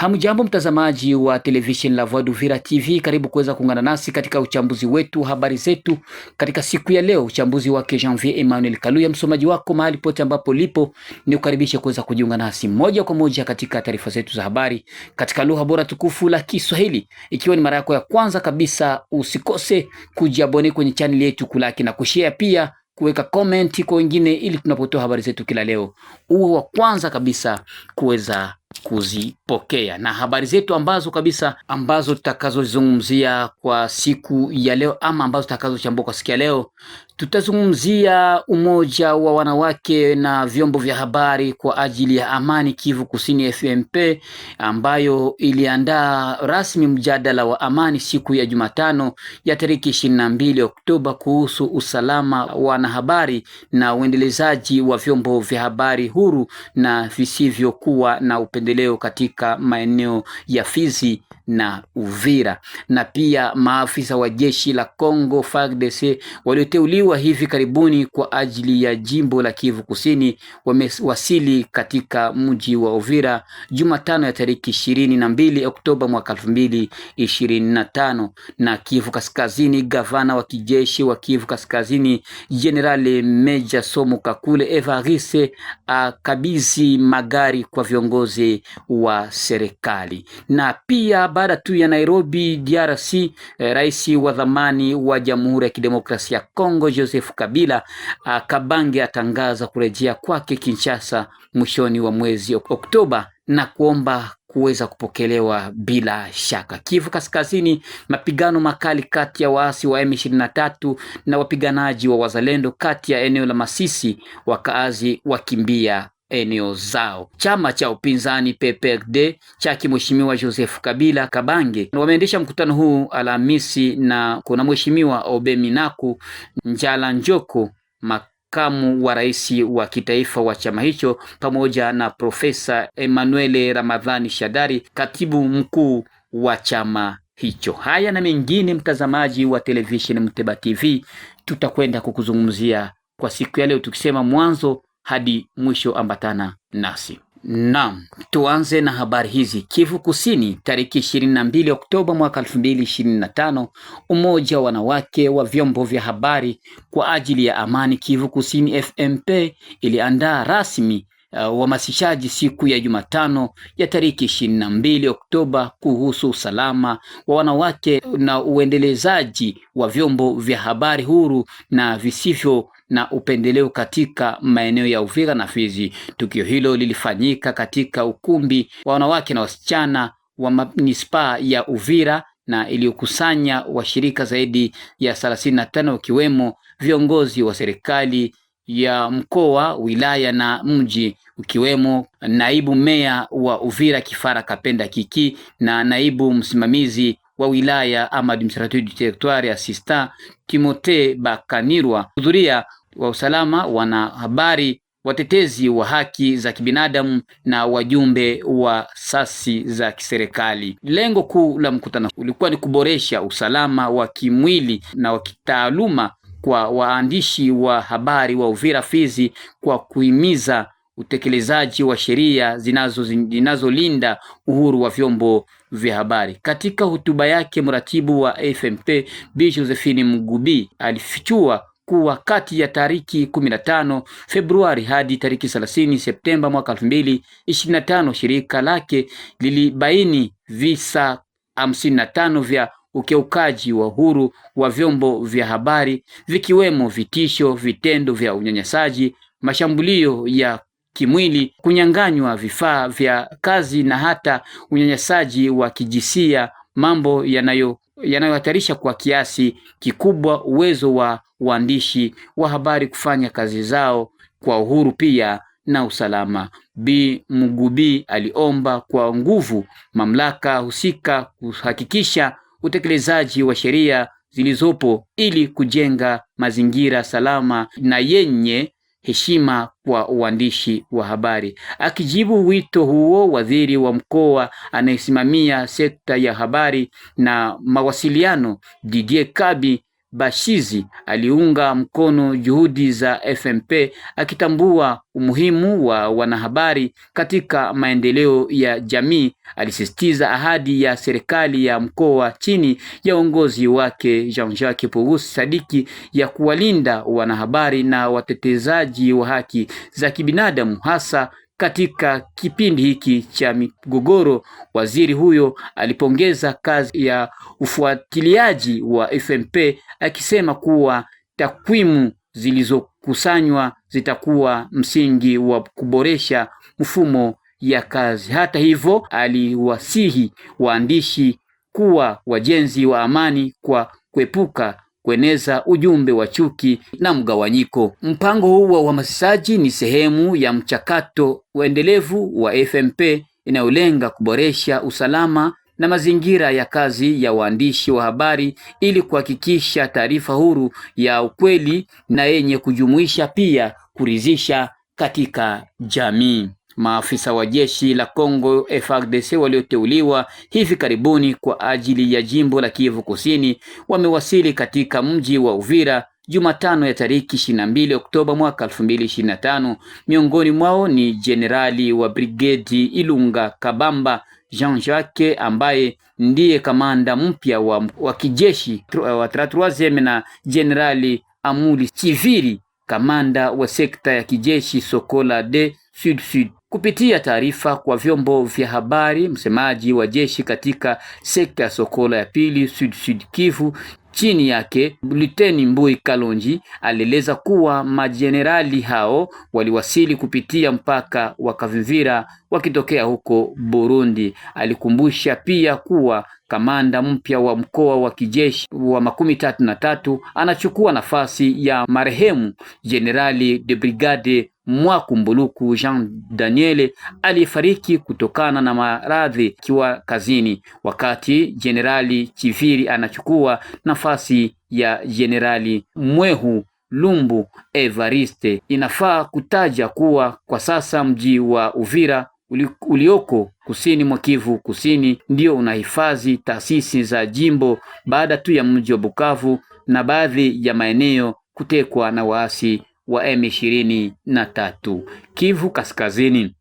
Hamjambo mtazamaji wa television La Voix d'Uvira TV, karibu kuweza kuungana nasi katika uchambuzi wetu habari zetu katika siku ya leo, uchambuzi wake Janvier Emmanuel Kaluya, msomaji wako mahali pote ambapo lipo, ni kukaribisha kuweza kujiunga nasi moja kwa moja katika taarifa zetu za habari katika lugha bora tukufu la Kiswahili. Ikiwa ni mara yako ya kwanza kabisa, usikose kujiabone kwenye channel yetu, kulaki na kushare pia kuweka comment kwa wengine, ili tunapotoa habari zetu kila leo uwe wa kwanza kabisa kuweza kuzipokea na habari zetu ambazo kabisa ambazo tutakazozungumzia kwa siku ya leo ama ambazo tutakazochambua kwa siku ya leo Tutazungumzia umoja wa wanawake na vyombo vya habari kwa ajili ya amani Kivu Kusini FMP ambayo iliandaa rasmi mjadala wa amani siku ya Jumatano ya tariki 22 Oktoba kuhusu usalama wa wanahabari na uendelezaji wa vyombo vya habari huru na visivyokuwa na upendeleo katika maeneo ya Fizi na Uvira na pia maafisa wa jeshi la Kongo FARDC walioteuliwa waliochaguliwa hivi karibuni kwa ajili ya jimbo la Kivu Kusini wamewasili katika mji wa Uvira Jumatano ya tariki ishirini na mbili Oktoba mwaka elfu mbili ishirini na tano. Na Kivu Kaskazini, gavana wa kijeshi wa Kivu Kaskazini Jenerali Meja Somo Kakule Evariste akabizi magari kwa viongozi wa serikali. Na pia baada tu ya Nairobi DRC, eh, rais wa zamani wa Jamhuri ya Kidemokrasia ya Kongo Joseph Kabila, ah, Kabange atangaza kurejea kwake Kinshasa mwishoni wa mwezi Oktoba na kuomba kuweza kupokelewa bila shaka. Kivu Kaskazini, mapigano makali kati ya waasi wa M23 na wapiganaji wa wazalendo kati ya eneo la Masisi, wakaazi wakimbia eneo zao. Chama cha upinzani PPRD cha kimheshimiwa Joseph Kabila Kabange wameendesha mkutano huu Alhamisi na kuna mheshimiwa Obeminaku Njala Njoko makamu wa rais wa kitaifa wa chama hicho pamoja na Profesa Emmanuel Ramadhani Shadari katibu mkuu wa chama hicho. Haya na mengine, mtazamaji wa televisheni Mteba TV, tutakwenda kukuzungumzia kwa siku ya leo, tukisema mwanzo hadi mwisho, ambatana nasi. Naam, tuanze na habari hizi. Kivu Kusini, tariki 22 Oktoba mwaka 2025, umoja wa wanawake wa vyombo vya habari kwa ajili ya amani Kivu Kusini FMP iliandaa rasmi uh, uhamasishaji siku ya Jumatano ya tariki 22 Oktoba kuhusu usalama wa wanawake na uendelezaji wa vyombo vya habari huru na visivyo na upendeleo katika maeneo ya Uvira na Fizi. Tukio hilo lilifanyika katika ukumbi wa wanawake na wasichana wa manispaa ya Uvira na iliyokusanya washirika zaidi ya 35 wakiwemo viongozi wa serikali ya mkoa, wilaya na mji, ukiwemo naibu meya wa Uvira Kifara Kapenda Kiki na naibu msimamizi wa wilaya ama administrative territoire assistant Timote Bakanirwa kuhudhuria wa usalama, wanahabari, watetezi wa haki za kibinadamu na wajumbe wa sasi za kiserikali. Lengo kuu la mkutano ulikuwa ni kuboresha usalama wa kimwili na wa kitaaluma kwa waandishi wa habari wa Uvira Fizi kwa kuhimiza utekelezaji wa sheria zinazo zinazolinda uhuru wa vyombo vya habari. Katika hotuba yake, mratibu wa FMP Bi Josephine Mugubi alifichua kuwa kati ya tariki 15 Februari hadi tariki 30 Septemba mwaka 2025 shirika lake lilibaini visa 55 vya ukiukaji wa uhuru wa vyombo vya habari vikiwemo vitisho, vitendo vya unyanyasaji, mashambulio ya kimwili, kunyang'anywa vifaa vya kazi na hata unyanyasaji wa kijinsia, mambo yanayo yanayohatarisha kwa kiasi kikubwa uwezo wa waandishi wa habari kufanya kazi zao kwa uhuru pia na usalama. Bi Mugubi aliomba kwa nguvu mamlaka husika kuhakikisha utekelezaji wa sheria zilizopo ili kujenga mazingira salama na yenye heshima kwa uandishi wa habari. Akijibu wito huo, waziri wa mkoa anayesimamia sekta ya habari na mawasiliano Didier Kabi Bashizi aliunga mkono juhudi za FMP akitambua umuhimu wa wanahabari katika maendeleo ya jamii. Alisisitiza ahadi ya serikali ya mkoa chini ya uongozi wake Jean-Jacques Purusi Sadiki ya kuwalinda wanahabari na watetezaji wa haki za kibinadamu hasa katika kipindi hiki cha migogoro, waziri huyo alipongeza kazi ya ufuatiliaji wa FMP akisema kuwa takwimu zilizokusanywa zitakuwa msingi wa kuboresha mfumo ya kazi. Hata hivyo, aliwasihi waandishi kuwa wajenzi wa amani kwa kuepuka kueneza ujumbe wa chuki na mgawanyiko. Mpango huu wa uhamasishaji ni sehemu ya mchakato uendelevu wa FMP inayolenga kuboresha usalama na mazingira ya kazi ya waandishi wa habari ili kuhakikisha taarifa huru ya ukweli na yenye kujumuisha pia kuridhisha katika jamii. Maafisa wa jeshi la Kongo frdc walioteuliwa hivi karibuni kwa ajili ya jimbo la Kivu Kusini wamewasili katika mji wa Uvira Jumatano ya tariki 22 Oktoba mwaka 2025. Miongoni mwao ni jenerali wa brigedi Ilunga Kabamba Jean-Jacques ambaye ndiye kamanda mpya wa, wa kijeshi wa Tratroiseme na jenerali Amuli Chiviri kamanda wa sekta ya kijeshi Sokola de Sud Sud. Kupitia taarifa kwa vyombo vya habari, msemaji wa jeshi katika sekta ya Sokola ya pili Sud Sud Kivu chini yake Luteni Mbui Kalonji alieleza kuwa majenerali hao waliwasili kupitia mpaka wa Kavimvira wakitokea huko Burundi. Alikumbusha pia kuwa kamanda mpya wa mkoa wa kijeshi wa makumi tatu na tatu anachukua nafasi ya marehemu Jenerali de Brigade Mwakumbuluku Jean Daniele aliyefariki kutokana na maradhi akiwa kazini, wakati Jenerali Chiviri anachukua nafasi ya Jenerali Mwehu Lumbu Evariste. Inafaa kutaja kuwa kwa sasa mji wa Uvira ulioko kusini mwa Kivu Kusini ndio unahifadhi taasisi za jimbo baada tu ya mji wa Bukavu na baadhi ya maeneo kutekwa na waasi wa M 23 na tatu. Kivu Kaskazini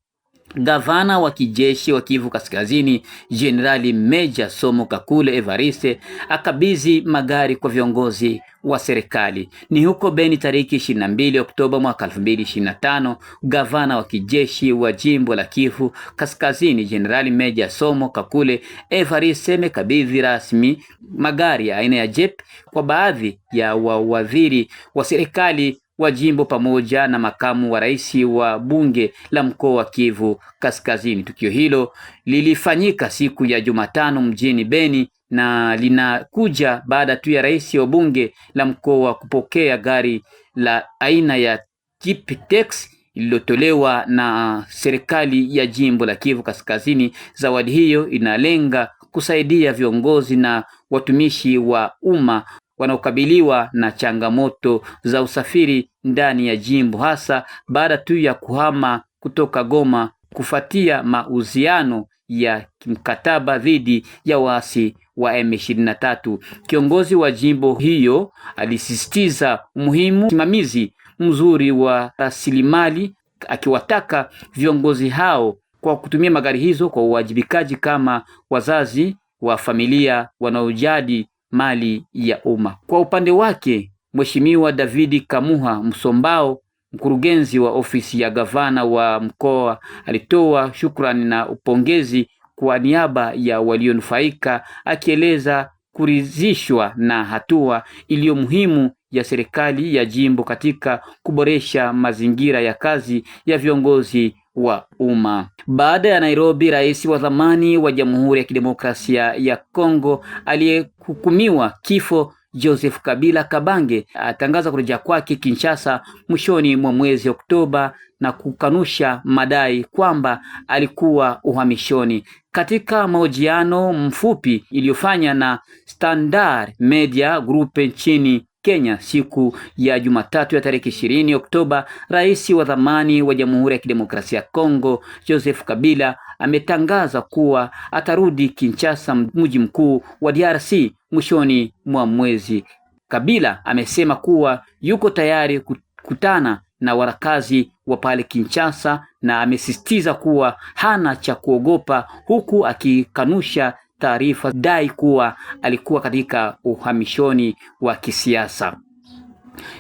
Gavana wa kijeshi wa Kivu Kaskazini Jenerali Meja Somo Kakule Evariste akabidhi magari kwa viongozi wa serikali. Ni huko Beni tariki 22 Oktoba mwaka 2025, gavana wa kijeshi wa jimbo la Kivu Kaskazini Jenerali Meja Somo Kakule Evariste amekabidhi rasmi magari ya aina ya Jeep kwa baadhi ya wawaziri wa serikali wa jimbo pamoja na makamu wa rais wa bunge la mkoa wa Kivu Kaskazini. Tukio hilo lilifanyika siku ya Jumatano mjini Beni na linakuja baada tu ya rais wa bunge la mkoa wa kupokea gari la aina ya Tipitex lililotolewa na serikali ya jimbo la Kivu Kaskazini. Zawadi hiyo inalenga kusaidia viongozi na watumishi wa umma wanaokabiliwa na changamoto za usafiri ndani ya jimbo, hasa baada tu ya kuhama kutoka Goma kufuatia mauziano ya mkataba dhidi ya waasi wa M23. Kiongozi wa jimbo hiyo alisisitiza umuhimu usimamizi mzuri wa rasilimali, akiwataka viongozi hao kwa kutumia magari hizo kwa uwajibikaji kama wazazi wa familia wanaojali mali ya umma. Kwa upande wake, Mheshimiwa Davidi Kamuha Msombao, mkurugenzi wa ofisi ya gavana wa mkoa, alitoa shukrani na upongezi kwa niaba ya walionufaika, akieleza kuridhishwa na hatua iliyo muhimu ya serikali ya jimbo katika kuboresha mazingira ya kazi ya viongozi wa umma. Baada ya Nairobi, rais wa zamani wa Jamhuri ya Kidemokrasia ya Kongo aliyehukumiwa kifo Joseph Kabila Kabange atangaza kurejea kwake Kinshasa mwishoni mwa mwezi Oktoba na kukanusha madai kwamba alikuwa uhamishoni. Katika mahojiano mfupi iliyofanya na Standard Media Group nchini Kenya siku ya Jumatatu ya tarehe ishirini Oktoba, rais wa zamani wa Jamhuri ya Kidemokrasia ya Kongo Joseph Kabila ametangaza kuwa atarudi Kinshasa, mji mkuu wa DRC, mwishoni mwa mwezi. Kabila amesema kuwa yuko tayari kukutana na warakazi wa pale Kinshasa na amesisitiza kuwa hana cha kuogopa, huku akikanusha taarifa dai kuwa alikuwa katika uhamishoni wa kisiasa.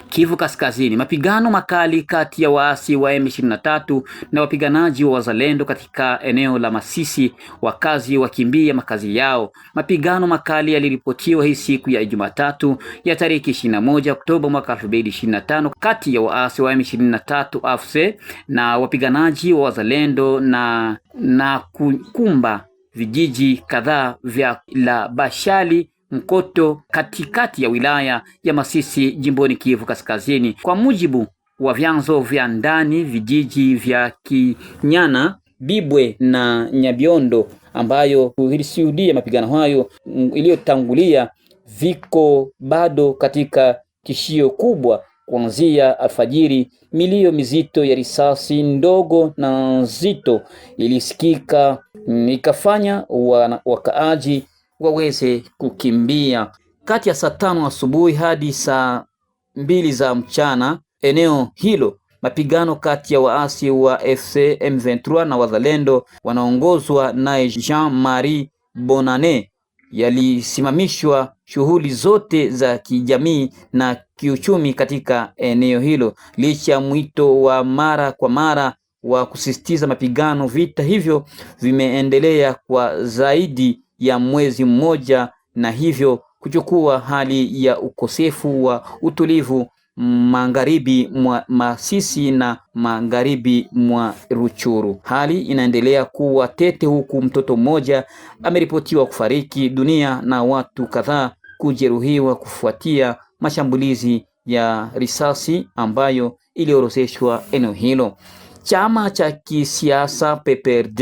Kivu Kaskazini, mapigano makali kati ya waasi wa M23 na wapiganaji wa wazalendo katika eneo la Masisi, wakazi wakimbia makazi yao. Mapigano makali yaliripotiwa hii siku ya Jumatatu ya tariki 21 Oktoba mwaka 2025 kati ya waasi wa M23 AFC na wapiganaji wa wazalendo na, na kukumba vijiji kadhaa vya la Bashali Mkoto katikati ya wilaya ya Masisi jimboni Kivu Kaskazini. Kwa mujibu wa vyanzo vya ndani, vijiji vya Kinyana, Bibwe na Nyabiondo ambayo ilishuhudia mapigano hayo iliyotangulia viko bado katika tishio kubwa kuanzia alfajiri. Milio mizito ya risasi ndogo na nzito ilisikika nikafanya wakaaji waweze kukimbia kati ya saa tano asubuhi hadi saa mbili za mchana. Eneo hilo mapigano kati ya waasi wa FC M23 na wazalendo wanaongozwa naye Jean Marie Bonane yalisimamishwa shughuli zote za kijamii na kiuchumi katika eneo hilo licha ya mwito wa mara kwa mara wa kusisitiza mapigano vita hivyo vimeendelea kwa zaidi ya mwezi mmoja na hivyo kuchukua hali ya ukosefu wa utulivu magharibi mwa Masisi na magharibi mwa Ruchuru. Hali inaendelea kuwa tete, huku mtoto mmoja ameripotiwa kufariki dunia na watu kadhaa kujeruhiwa kufuatia mashambulizi ya risasi ambayo iliorozeshwa eneo hilo chama cha kisiasa PPRD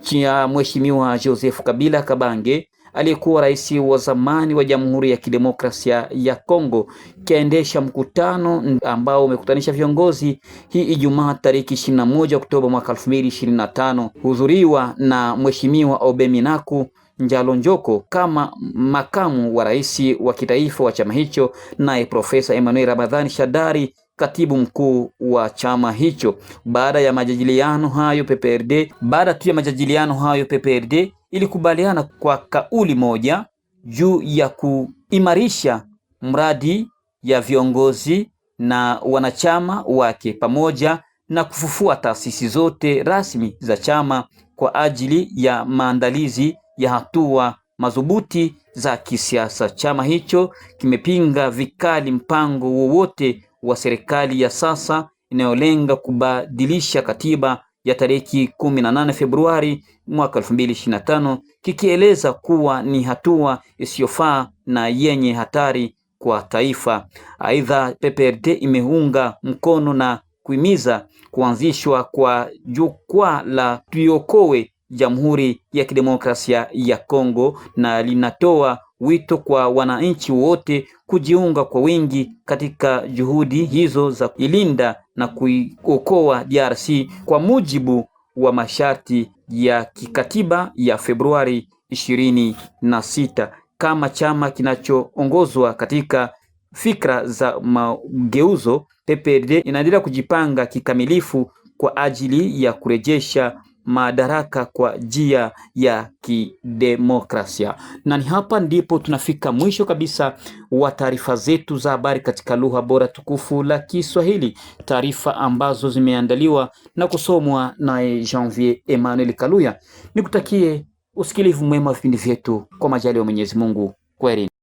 cha Mheshimiwa Joseph Kabila Kabange aliyekuwa rais wa zamani wa Jamhuri ya Kidemokrasia ya Kongo kiendesha mkutano ambao umekutanisha viongozi hii Ijumaa tariki 21 Oktoba mwaka 2025, hudhuriwa na Mheshimiwa Obeminaku Njalo Njoko kama makamu wa rais wa kitaifa wa chama hicho, naye Profesa Emmanuel Ramadhani Shadari katibu mkuu wa chama hicho. Baada ya majadiliano hayo, PPRD baada tu ya majadiliano hayo, PPRD ilikubaliana kwa kauli moja juu ya kuimarisha mradi ya viongozi na wanachama wake pamoja na kufufua taasisi zote rasmi za chama kwa ajili ya maandalizi ya hatua madhubuti za kisiasa. Chama hicho kimepinga vikali mpango wowote wa serikali ya sasa inayolenga kubadilisha katiba ya tariki 18 Februari mwaka 2025 kikieleza kuwa ni hatua isiyofaa na yenye hatari kwa taifa. Aidha, PPRD imeunga mkono na kuhimiza kuanzishwa kwa jukwaa la tuiokoe Jamhuri ya Kidemokrasia ya Kongo na linatoa wito kwa wananchi wote kujiunga kwa wingi katika juhudi hizo za kuilinda na kuiokoa DRC kwa mujibu wa masharti ya kikatiba ya Februari ishirini na sita kama chama kinachoongozwa katika fikra za mageuzo PPRD inaendelea kujipanga kikamilifu kwa ajili ya kurejesha madaraka kwa njia ya kidemokrasia. Na ni hapa ndipo tunafika mwisho kabisa wa taarifa zetu za habari katika lugha bora tukufu la Kiswahili, taarifa ambazo zimeandaliwa na kusomwa naye Janvier Emmanuel Kaluya. Nikutakie usikilivu mwema vipindi vyetu kwa majali ya Mwenyezi Mungu. Kwaheri.